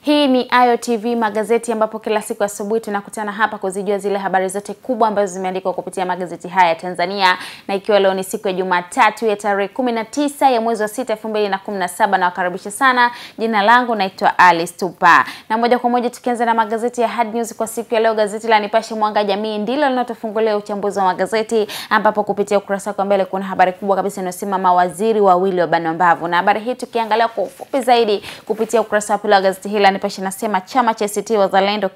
Hii ni Ayo TV magazeti, ambapo kila siku asubuhi tunakutana hapa kuzijua zile habari zote kubwa ambazo zimeandikwa kupitia magazeti haya ya Tanzania, na ikiwa leo ni siku ya Jumatatu ya tarehe 19 ya mwezi wa 6 2017, na wakaribisha sana. Jina langu naitwa Alice Tupa, na moja kwa moja tukianza na magazeti ya Hard News kwa siku ya leo, gazeti la Nipashe Mwanga Jamii ndilo linalotufungulia uchambuzi wa magazeti, ambapo kupitia ukurasa wa mbele kuna habari kubwa kabisa inayosema mawaziri wawili wa banombavu mbavu, na habari hii tukiangalia kwa ufupi zaidi kupitia ukurasa wa pili wa gazeti hili la Nipashe nasema chama cha ACT Wazalendo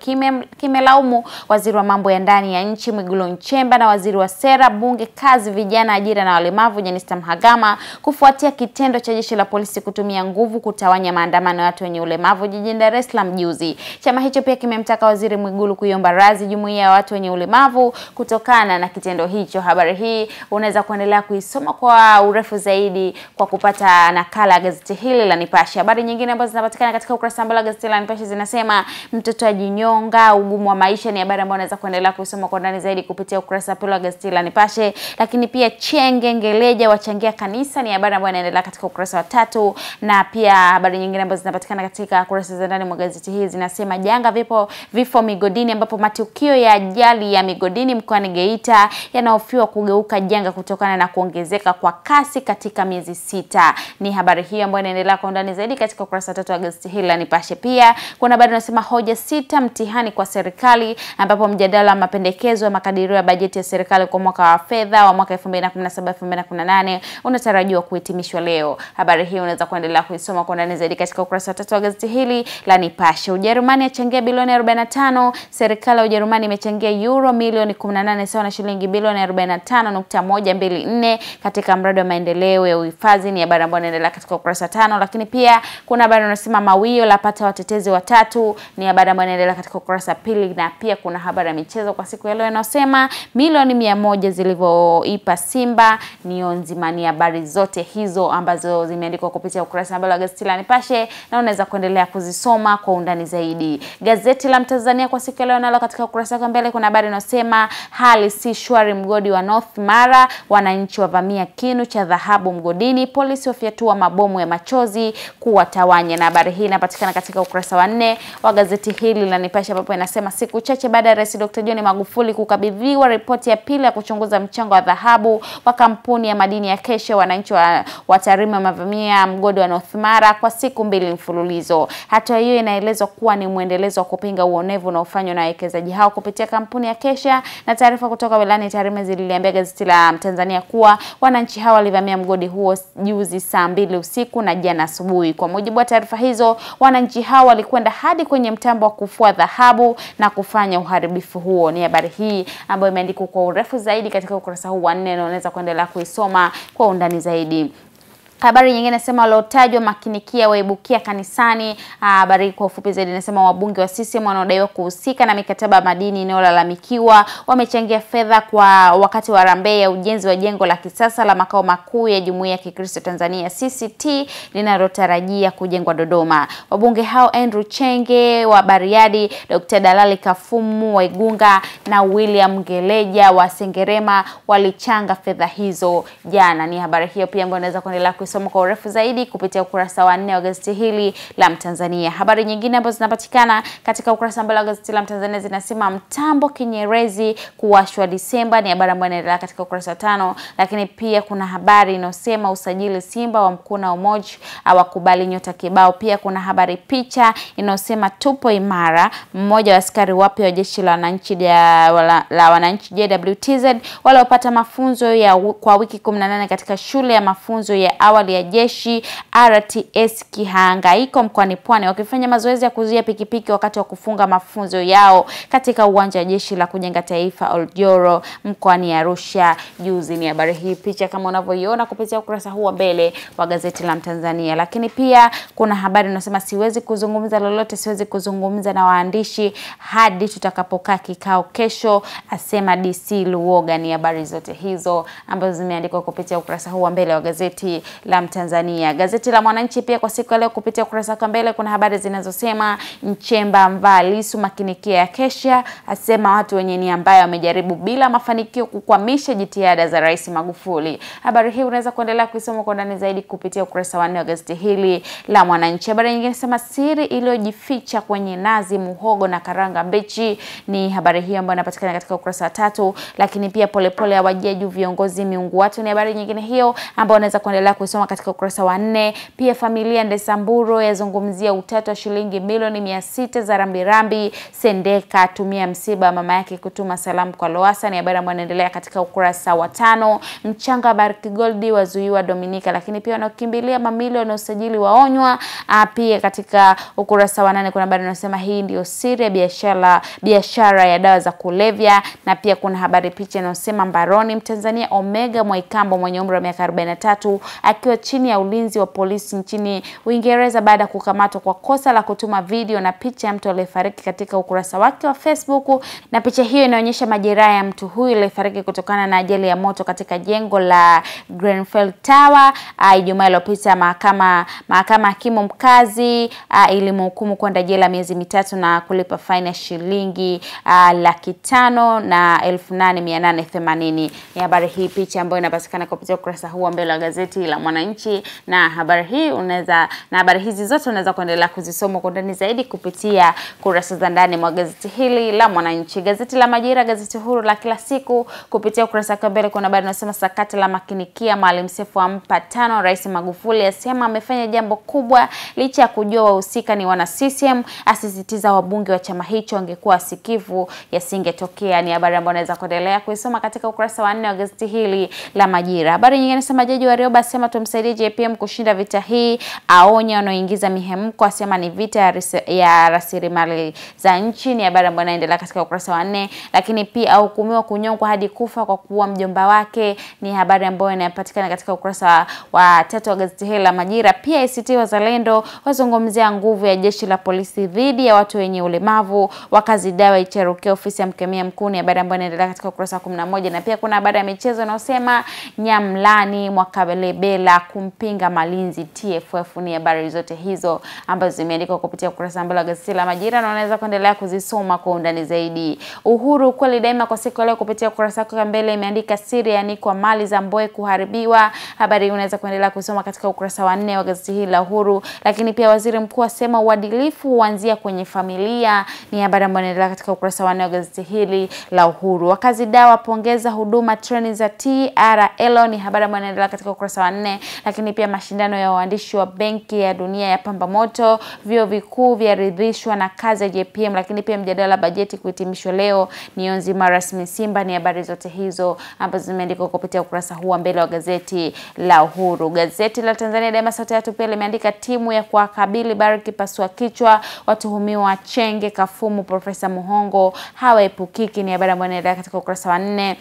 kimelaumu kime waziri wa mambo ya ndani ya nchi Mwigulu Nchemba na waziri wa sera, bunge, kazi, vijana, ajira na walemavu Jenista Mhagama kufuatia kitendo cha jeshi la polisi kutumia nguvu kutawanya maandamano ya watu wenye ulemavu jijini Dar es Salaam juzi. Chama hicho pia kimemtaka waziri Mwigulu kuiomba radhi jumuiya ya watu wenye ulemavu kutokana na kitendo hicho. Habari hii unaweza kuendelea kuisoma kwa urefu zaidi kwa kupata nakala ya gazeti hili la Nipashe. Habari nyingine ambazo zinapatikana katika ukurasa wa gazeti gazeti la Pasha zinasema mtoto ajinyonga, ugumu wa maisha ni habari ambayo unaweza kuendelea kusoma kwa ndani zaidi kupitia ukurasa pili wa gazeti la Nipashe. Lakini pia Chenge Ngeleja wachangia kanisa ni habari ambayo inaendelea katika ukurasa wa tatu, na pia habari nyingine ambazo zinapatikana katika kurasa za ndani mwa gazeti hili zinasema janga vipo vifo migodini, ambapo matukio ya ajali ya migodini mkoani Geita yanahofiwa kugeuka janga kutokana na kuongezeka kwa kasi katika miezi sita. Ni habari hiyo ambayo inaendelea kwa undani zaidi katika ukurasa wa tatu wa gazeti hili la Nipashe. Pia kuingia. kuna bado nasema hoja sita mtihani kwa serikali, ambapo mjadala wa mapendekezo ya makadirio ya bajeti ya serikali kwa mwaka wa fedha wa mwaka 2017-2018 unatarajiwa kuhitimishwa leo. Habari hii unaweza kuendelea kuisoma kwa ndani zaidi katika ukurasa wa tatu wa gazeti hili la Nipashe. Ujerumani achangia bilioni 45. Serikali ya Ujerumani imechangia euro milioni 18 sawa na shilingi bilioni 45.124 katika mradi wa maendeleo ya uhifadhi. Ni habari ambayo inaendelea katika ukurasa tano, lakini pia kuna habari unasema mawio lapata watu watetezi watatu. Ni habari ambayo inaendelea katika ukurasa pili, na pia kuna habari ya michezo kwa siku ya leo inayosema milioni mia moja zilivyoipa Simba Nionzima. Ni habari zote hizo ambazo zimeandikwa kupitia ukurasa ambalo gazeti la Nipashe, na unaweza kuendelea kuzisoma kwa undani zaidi. Gazeti la Mtanzania kwa siku ya leo nalo katika ukurasa wa mbele kuna habari inayosema hali si shwari mgodi wa North Mara, wananchi wavamia kinu cha dhahabu mgodini, polisi wafyatua mabomu ya machozi kuwatawanya, na habari hii inapatikana katika ukurasa wa nne wa gazeti hili la Nipashe ambapo inasema siku chache baada ya Rais Dr. John Magufuli kukabidhiwa ripoti ya pili ya kuchunguza mchango wa dhahabu wa kampuni ya madini ya Kesha, wananchi wa, wa Tarime wamevamia mgodi wa North Mara kwa siku mbili mfululizo. Hatua hiyo inaelezwa kuwa ni mwendelezo wa kupinga uonevu unaofanywa na wawekezaji hao kupitia kampuni ya Kesha, na taarifa kutoka wilayani Tarime zililiambia gazeti la Tanzania kuwa wananchi hao walivamia mgodi huo juzi saa mbili usiku na jana asubuhi. Kwa mujibu wa taarifa hizo, wananchi hao hao walikwenda hadi kwenye mtambo wa kufua dhahabu na kufanya uharibifu huo. Ni habari hii ambayo imeandikwa kwa urefu zaidi katika ukurasa huu wa nne na unaweza kuendelea kuisoma kwa undani zaidi. Habari nyingine nasema waliotajwa makinikia waibukia kanisani. Ah, habari kwa ufupi zaidi nasema wabunge wa CCM wanaodaiwa kuhusika na mikataba ya madini inayolalamikiwa wamechangia fedha kwa wakati wa harambee ya ujenzi wa jengo la kisasa la makao makuu ya Jumuiya ya Kikristo Tanzania CCT linalotarajia kujengwa Dodoma. Wabunge hao Andrew Chenge wa Bariadi, Dr. Dalali Kafumu wa Igunga na William Ngeleja wa Sengerema walichanga fedha hizo jana. Ni habari hiyo pia ambayo unaweza kuendelea kusoma kwa urefu zaidi kupitia ukurasa wa nne wa gazeti hili la Mtanzania. Habari nyingine ambazo zinapatikana katika ukurasa mbele wa gazeti la Mtanzania zinasema mtambo Kinyerezi kuwashwa Disemba, ni habari ambayo inaendelea katika ukurasa wa tano, lakini pia kuna habari inayosema usajili Simba wa Mkuna Umoja awakubali nyota kibao. Pia kuna habari picha inayosema tupo imara, mmoja wa askari wapya wa jeshi la wananchi la, la wananchi JWTZ waliopata mafunzo ya kwa wiki 18 katika shule ya mafunzo ya awali awali ya jeshi RTS Kihangaiko mkoani Pwani wakifanya mazoezi ya kuzuia pikipiki wakati wa kufunga mafunzo yao katika uwanja wa jeshi la kujenga taifa Oljoro mkoani Arusha juzi. Ni habari hii picha kama unavyoiona kupitia ukurasa huu wa mbele wa gazeti la Mtanzania, lakini pia kuna habari unasema, siwezi kuzungumza lolote, siwezi kuzungumza na waandishi hadi tutakapokaa kikao kesho, asema DC Luoga. Ni habari zote hizo ambazo zimeandikwa kupitia ukurasa huu wa mbele wa gazeti la Mtanzania. Gazeti la Mwananchi pia kwa siku ya leo kupitia ukurasa wa mbele kuna habari zinazosema Nchemba mvaa Lissu makinikia ya kesha, asema watu wenye nia mbaya wamejaribu bila mafanikio kukwamisha jitihada za Rais Magufuli. Habari hii unaweza kuendelea kuisoma kwa ndani zaidi kupitia ukurasa wa nne wa gazeti hili la Mwananchi. Habari nyingine sema siri iliyojificha kwenye nazi, muhogo na karanga mbichi, ni habari hii ambayo inapatikana katika ukurasa wa tatu. Lakini pia polepole pole awajia juu viongozi miungu watu, ni habari nyingine hiyo ambayo unaweza kuendelea kuisoma kusoma katika ukurasa wa nne. Pia familia Ndesamburo yazungumzia utata wa shilingi milioni mia sita za rambirambi. Sendeka atumia msiba mama yake kutuma salamu kwa Lowassa, ni habari ambayo inaendelea katika ukurasa wa tano. Mchanga wa Barrick Gold wazuiwa Dominika, lakini pia wanaokimbilia mamilioni na usajili waonywa. Ah, pia katika ukurasa wa nane kuna habari inasema hii ndio siri ya biashara biashara ya dawa za kulevya, na pia kuna habari picha inayosema mbaroni Mtanzania Omega Mwaikambo mwenye umri wa miaka 43 akiwa chini ya ulinzi wa polisi nchini Uingereza baada ya kukamatwa kwa kosa la kutuma video na picha ya mtu aliyefariki katika ukurasa wake wa Facebook, na picha hiyo inaonyesha majeraha ya mtu huyu aliyefariki kutokana na ajali ya moto katika jengo la Grenfell Tower. Ah, Ijumaa iliyopita mahakama mahakama hakimu mkazi ah, ilimhukumu kwenda jela miezi mitatu na kulipa faini ya shilingi ah, laki tano na elfu nane mia nane themanini. Ni habari hii picha ambayo inapatikana kupitia ukurasa huu wa mbele wa gazeti la Mwananchi, na habari hii unaweza na habari hizi zote unaweza kuendelea kuzisoma kwa ndani zaidi kupitia kurasa za ndani mwa gazeti hili la Mwananchi, gazeti la Majira, gazeti huru la kila siku. Kupitia ukurasa wa mbele kuna habari inasema sakata la makinikia, Maalim Seif ampa tano, Rais Magufuli asema amefanya jambo kubwa licha ya kujua wahusika ni wana CCM, asisitiza wabunge wa chama hicho angekuwa sikivu yasingetokea. Ni habari ambayo unaweza kuendelea kuisoma katika ukurasa wa nne wa gazeti hili la Majira. Habari nyingine inasema jaji Warioba asema kumsaidia JPM kushinda vita hii, aonya wanaoingiza mihemko, asema ni vita ya rasilimali za nchi. Ni habari ambayo inaendelea katika ukurasa wa nne. Lakini pia ahukumiwa kunyongwa hadi kufa kwa kuua mjomba wake, ni habari ambayo inapatikana katika ukurasa wa tatu wa gazeti hili la Majira. Pia ACT Wazalendo wazungumzia nguvu ya jeshi la polisi dhidi ya watu wenye ulemavu, wakazi dawa icherukia ofisi ya mkemia mkuu, ni habari ambayo inaendelea katika ukurasa wa 11 na pia kuna habari ya michezo inayosema Nyamlani Mwakalebela la kumpinga Malinzi TFF. Ni habari zote hizo ambazo zimeandikwa kupitia ukurasa wa mbele wa gazeti la Majira na unaweza kuendelea kuzisoma kwa undani zaidi. Uhuru kweli daima kwa siku leo kupitia ukurasa wake mbele imeandika siri kwa mali za Mbowe kuharibiwa. Habari unaweza kuendelea kusoma katika ukurasa wa nne wa gazeti hili la Uhuru. Lakini pia waziri mkuu asema uadilifu huanzia kwenye familia, ni habari ambayo inaendelea katika ukurasa wa nne wa gazeti hili la Uhuru. Wakazi dawa pongeza huduma treni za TRL, ni habari ambayo inaendelea katika ukurasa wa nne lakini pia mashindano ya waandishi wa Benki ya Dunia ya pamba moto, vyuo vikuu vyaridhishwa na kazi ya JPM, lakini pia mjadala bajeti kuhitimishwa leo. Niyo nzima rasmi Simba. Ni habari zote hizo ambazo zimeandikwa kupitia ukurasa huu wa mbele wa gazeti la Uhuru. Gazeti la Tanzania Daima saa tatu pia limeandika timu ya kuwakabili Bariki pasua kichwa, watuhumiwa Chenge, Kafumu, Profesa Muhongo hawaepukiki. Ni habari ambayo inaendelea katika ukurasa wa nne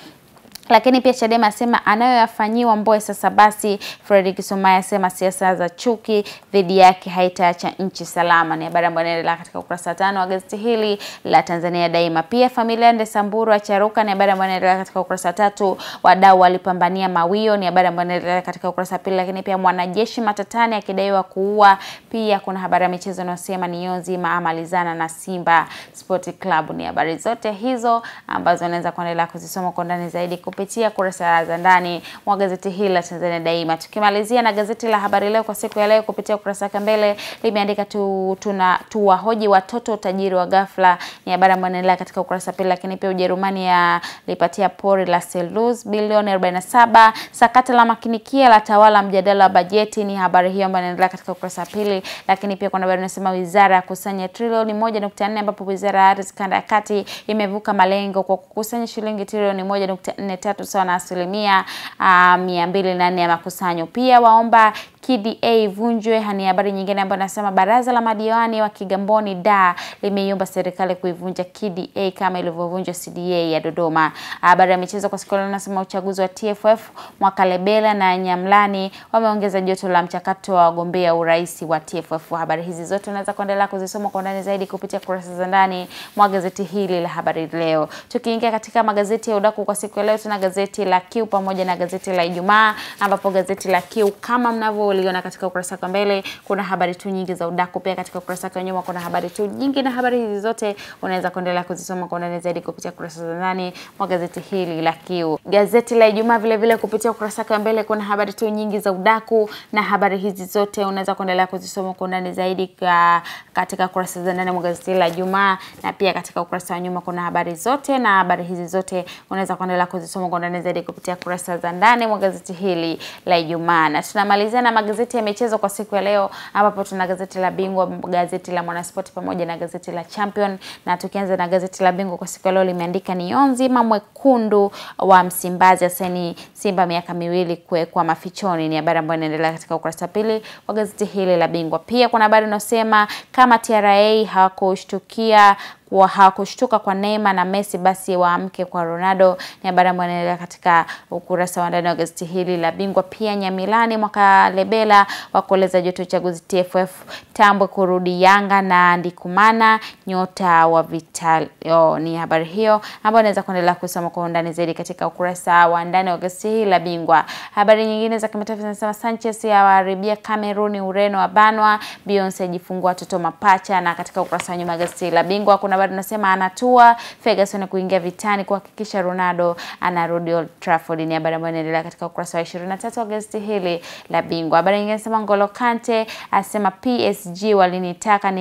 lakini pia Chadema asema anayoyafanyiwa Mbowe sasa basi. Fredrick Sumaye asema siasa za chuki dhidi yake haitaacha nchi salama. Ni habari ambayo inaendelea katika ukurasa wa tano wa gazeti hili la Tanzania Daima. Pia familia Ndesamburu acharuka, ni habari ambayo inaendelea katika ukurasa wa tatu. Wadau walipambania mawio, ni habari ambayo inaendelea katika ukurasa wa pili. Lakini pia mwanajeshi matatani akidaiwa kuua. Pia kuna habari ya michezo inayosema ni Yonzima amalizana na Simba Sport Club. Ni habari zote hizo ambazo unaweza kuendelea kuzisoma kwa ndani zaidi kupi kupitia kurasa za ndani mwa gazeti hili la Tanzania Daima. Tukimalizia na gazeti la Habari Leo kwa siku ya leo, kupitia ukurasa wake mbele limeandika tu, tuna tuwahoji watoto utajiri wa ghafla, ni habari ambayo inaendelea katika ukurasa pili. Lakini pia Ujerumani yalipatia pori la Selous bilioni 47, sakata la makinikia la tawala mjadala wa bajeti, ni habari hiyo ambayo inaendelea katika ukurasa pili. Lakini pia kuna habari inasema wizara ya kusanya trilioni 1.4 ambapo wizara ya ardhi kanda ya kati imevuka malengo kwa kukusanya shilingi trilioni 1.4 tatu sawa na asilimia ah, mia mbili na nne ya makusanyo. Pia waomba KDA ivunjwe. Hani habari nyingine ambayo nasema baraza la madiwani wa Kigamboni da limeiomba serikali kuivunja KDA kama ilivyovunjwa CDA ya Dodoma. Habari ya michezo kwa siku leo nasema uchaguzi wa TFF Mwakalebela na Nyamlani wameongeza joto la mchakato wa wagombea urais wa TFF. Habari hizi zote unaweza kuendelea kuzisoma kwa undani zaidi kupitia kurasa za ndani mwa gazeti hili la Habari Leo. Tukiingia katika magazeti ya udaku kwa siku leo, tuna gazeti la Kiu pamoja na gazeti la Ijumaa, ambapo gazeti la Kiu kama mnavyo uliona katika ukurasa wa mbele. Kuna habari tu nyingi za udaku, pia katika ukurasa wa nyuma kuna habari tu nyingi, na habari hizi zote unaweza kuendelea kuzisoma kwa undani zaidi kupitia kurasa za ndani mwa gazeti hili la Kiu. Gazeti la Ijumaa vile vile kupitia ukurasa wa mbele kuna habari tu nyingi za udaku, na habari hizi zote unaweza kuendelea kuzisoma kwa undani zaidi ka, katika kurasa za ndani mwa gazeti la Ijumaa, na pia katika ukurasa wa nyuma kuna habari zote, na habari hizi zote unaweza kuendelea kuzisoma kwa undani zaidi kupitia kurasa za ndani mwa gazeti hili la Ijumaa, na tunamalizia na magazeti ya michezo kwa siku ya leo, ambapo tuna gazeti la Bingwa, gazeti la Mwanasport pamoja na gazeti la Champion. Na tukianza na gazeti la Bingwa kwa siku ya leo limeandika ni onzima mwekundu wa Msimbazi asaini Simba miaka miwili kuwekwa mafichoni, ni habari ambayo inaendelea katika ukurasa pili wa gazeti hili la Bingwa. Pia kuna habari inayosema kama TRA hawakushtukia kuwa hawakushtuka kwa Neymar na Messi, basi waamke kwa Ronaldo. Ni habari ambayo inaendelea katika ukurasa wa ndani wa gazeti hili la Bingwa. Pia Nyamilani Mwakalebela wakueleza joto uchaguzi TFF, Tambwe kurudi Yanga na Ndikumana nyota wa Vital. Oh, ni habari hiyo ambayo inaweza kuendelea kusoma kwa undani zaidi katika ukurasa wa ndani wa gazeti hili la Bingwa. Habari nyingine za kimataifa zinasema Sanchez yawaharibia Kameruni, Ureno wabanwa, Beyonce ajifungua watoto mapacha, na katika ukurasa wa nyuma gazeti la Bingwa kuna habari nasema anatua Ferguson kuingia vitani kuhakikisha Ronaldo anarudi Old Trafford. Ni habari ambayo inaendelea katika ukurasa wa 23 wa gazeti hili la Bingwa. Habari nyingine inasema Ngolo Kante asema PSG walinitaka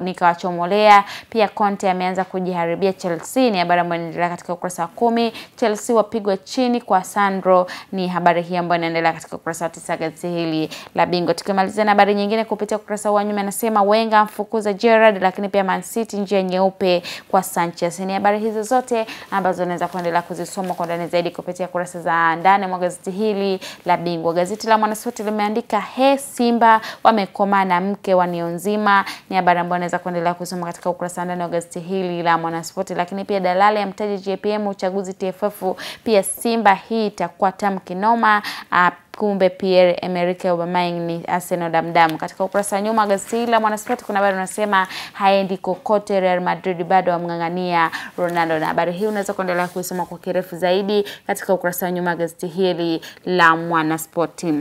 nikawachomolea. Pia Conte ameanza kujiharibia Chelsea. Ni habari ambayo inaendelea katika ukurasa wa kumi. Chelsea wapigwe chini kwa Sandro. Ni habari hii ambayo inaendelea katika ukurasa wa tisa gazeti hili la Bingwa. Tukimaliza na habari nyingine kupitia ukurasa wa nyuma, anasema Wenger amfukuza Gerrard, lakini pia Man City njia nyeupe nyeupe kwa Sanchez. Ni habari hizo zote ambazo unaweza kuendelea kuzisoma kwa ndani zaidi kupitia kurasa za ndani mwa gazeti hili la Bingwa. Gazeti la Mwanaspoti limeandika he, Simba wamekoma na mke wa Nionzima. Ni habari ambayo unaweza kuendelea kusoma katika ukurasa ndani wa gazeti hili la Mwanaspoti, lakini pia dalali ya mtaji JPM uchaguzi TFF, pia Simba hii itakuwa tamu kinoma. Ah, kumbe Pierre Emerick Aubameyang ni Arsenal damdam Katika ukurasa wa nyuma gazeti hili la Mwanaspoti kuna habari unasema haendi kokote, Real Madrid bado wamng'ang'ania Ronaldo, na habari hii unaweza kuendelea kuisoma kwa kirefu zaidi katika ukurasa wa nyuma gazeti hili la Mwanaspoti.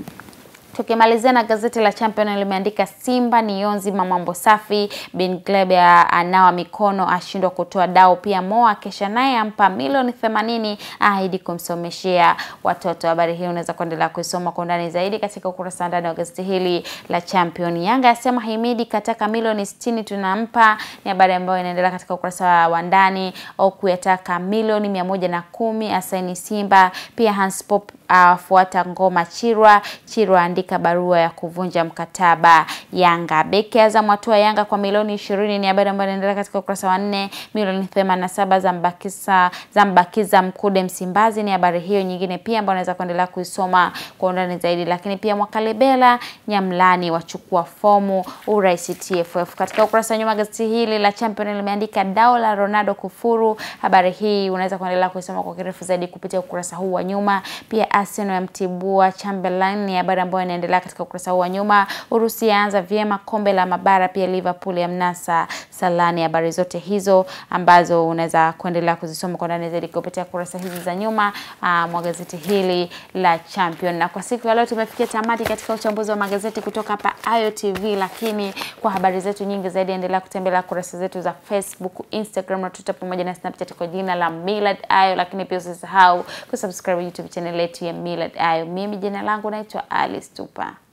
Tukimalizia na gazeti la Champion limeandika Simba ni yonzi mamambo safi, Bin Glebe anawa mikono ashindwa kutoa dau, pia Moa kesha naye ampa milioni 80 ahidi kumsomeshea watoto. Habari hii unaweza kuendelea kuisoma kwa undani zaidi katika ukurasa wa ndani wa gazeti hili la Champion. Yanga asema Himidi kataka milioni 60 tunampa, ni habari ambayo inaendelea katika ukurasa wa ndani. Oku yataka milioni 110 asaini Simba, pia Hans Pop awafuata ngoma Chirwa. Chirwa andika barua ya kuvunja mkataba Yanga. Beki Azam atua Yanga kwa milioni ishirini ni habari ambayo inaendelea katika ukurasa wa nne. Milioni themanini saba za mbakiza, za mbakiza Mkude Msimbazi ni habari hiyo nyingine pia ambayo unaweza kuendelea kuisoma kwa undani zaidi, lakini pia Mwakalebela Nyamlani wachukua fomu urais TFF. Katika ukurasa wa nyuma gazeti hili la Champion limeandika dao la Ronaldo kufuru. Habari hii unaweza kuendelea kuisoma kwa kirefu zaidi kupitia ukurasa huu wa nyuma pia Arsenal mtibua Chamberlain, ni habari ambayo inaendelea katika ukurasa huu wa nyuma. Urusi yaanza vyema kombe la mabara, pia Liverpool yamnasa Salani. Habari zote hizo ambazo unaweza kuendelea kuzisoma kwa ndani zaidi kupitia kurasa hizi za nyuma uh, mwa gazeti hili la Champion. Na kwa siku ya leo tumefikia tamati katika uchambuzi wa magazeti kutoka hapa Ayo TV, lakini kwa habari zetu nyingi zaidi endelea kutembelea kurasa zetu za Facebook, Instagram na Twitter pamoja na Snapchat kwa jina la Millard Ayo, lakini pia usisahau kusubscribe YouTube channel yetu ATM Millet Ayo. Mimi jina langu naitwa Alice Tupa.